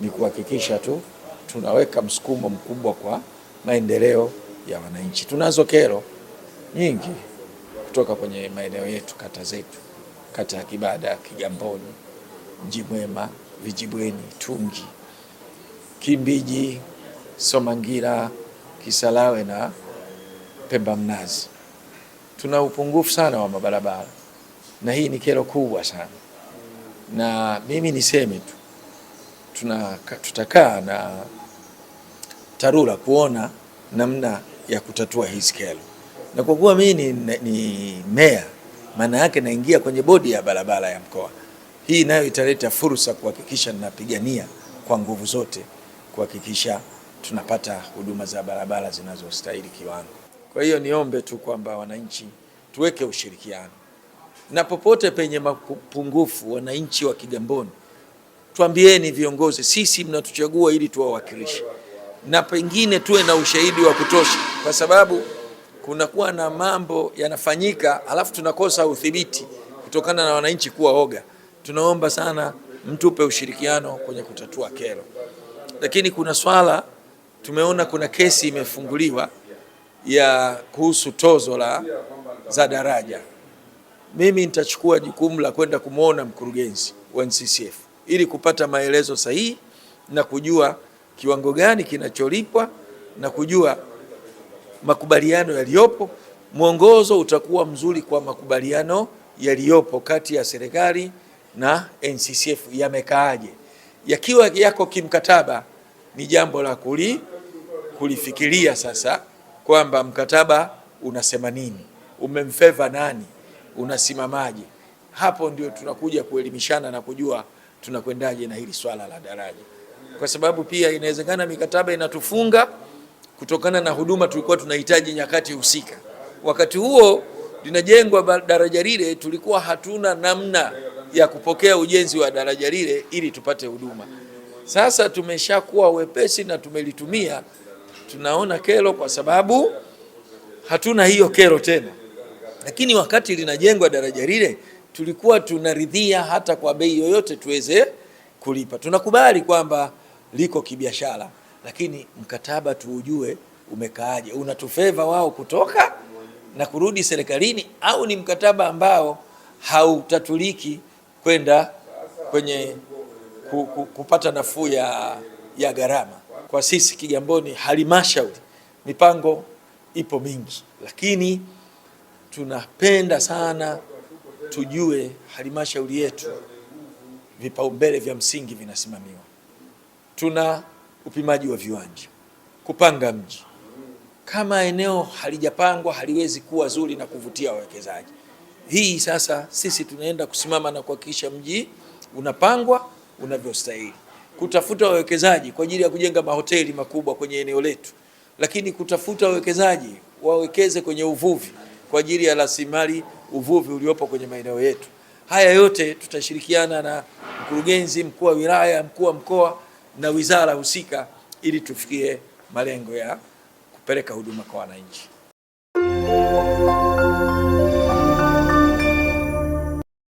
ni kuhakikisha tu tunaweka msukumo mkubwa kwa maendeleo ya wananchi. Tunazo kero nyingi kutoka kwenye maeneo yetu, kata zetu, kata ya Kibada, Kigamboni, Mjimwema, Vijibweni, Tungi, Kimbiji, Somangira, Kisalawe na Pemba Mnazi. Tuna upungufu sana wa mabarabara na hii ni kero kubwa sana, na mimi niseme tu tutakaa na TARURA kuona namna ya kutatua hizi kero, na kwa kuwa mimi ni, ni meya, maana yake naingia kwenye bodi ya barabara ya mkoa. Hii nayo italeta fursa kuhakikisha ninapigania kwa nguvu zote kuhakikisha tunapata huduma za barabara zinazostahili kiwango. Kwa hiyo niombe tu kwamba wananchi tuweke ushirikiano, na popote penye mapungufu wananchi wa Kigamboni Twambieni viongozi, sisi mnatuchagua ili tuwawakilishe, na pengine tuwe na ushahidi wa kutosha, kwa sababu kunakuwa na mambo yanafanyika, alafu tunakosa udhibiti kutokana na wananchi kuwa oga. Tunaomba sana mtupe ushirikiano kwenye kutatua kero. Lakini kuna swala tumeona kuna kesi imefunguliwa ya kuhusu tozo la za daraja. Mimi nitachukua jukumu la kwenda kumwona mkurugenzi wa NCCF ili kupata maelezo sahihi na kujua kiwango gani kinacholipwa na kujua makubaliano yaliyopo. Mwongozo utakuwa mzuri kwa makubaliano yaliyopo kati ya serikali na NCCF, yamekaaje? Yakiwa yako kimkataba, ni jambo la kuli kulifikiria sasa, kwamba mkataba unasema nini, umemfeva nani, unasimamaje? Hapo ndio tunakuja kuelimishana na kujua tunakwendaje na hili swala la daraja, kwa sababu pia inawezekana mikataba inatufunga kutokana na huduma tulikuwa tunahitaji nyakati husika. Wakati huo linajengwa daraja lile, tulikuwa hatuna namna ya kupokea ujenzi wa daraja lile ili tupate huduma. Sasa tumeshakuwa wepesi na tumelitumia, tunaona kero kwa sababu hatuna hiyo kero tena, lakini wakati linajengwa daraja lile tulikuwa tunaridhia hata kwa bei yoyote tuweze kulipa. Tunakubali kwamba liko kibiashara, lakini mkataba tuujue umekaaje, unatufeva wao kutoka na kurudi serikalini au ni mkataba ambao hautatuliki kwenda kwenye ku, ku, kupata nafuu ya, ya gharama kwa sisi Kigamboni. Halmashauri mipango ipo mingi, lakini tunapenda sana tujue halmashauri yetu vipaumbele vya msingi vinasimamiwa. Tuna upimaji wa viwanja, kupanga mji. Kama eneo halijapangwa haliwezi kuwa zuri na kuvutia wawekezaji. Hii sasa sisi tunaenda kusimama na kuhakikisha mji unapangwa unavyostahili, kutafuta wawekezaji kwa ajili ya kujenga mahoteli makubwa kwenye eneo letu, lakini kutafuta wawekezaji wawekeze kwenye uvuvi kwa ajili ya rasilimali uvuvi uliopo kwenye maeneo yetu. Haya yote tutashirikiana na mkurugenzi mkuu wa wilaya, mkuu wa mkoa na wizara husika ili tufikie malengo ya kupeleka huduma kwa wananchi.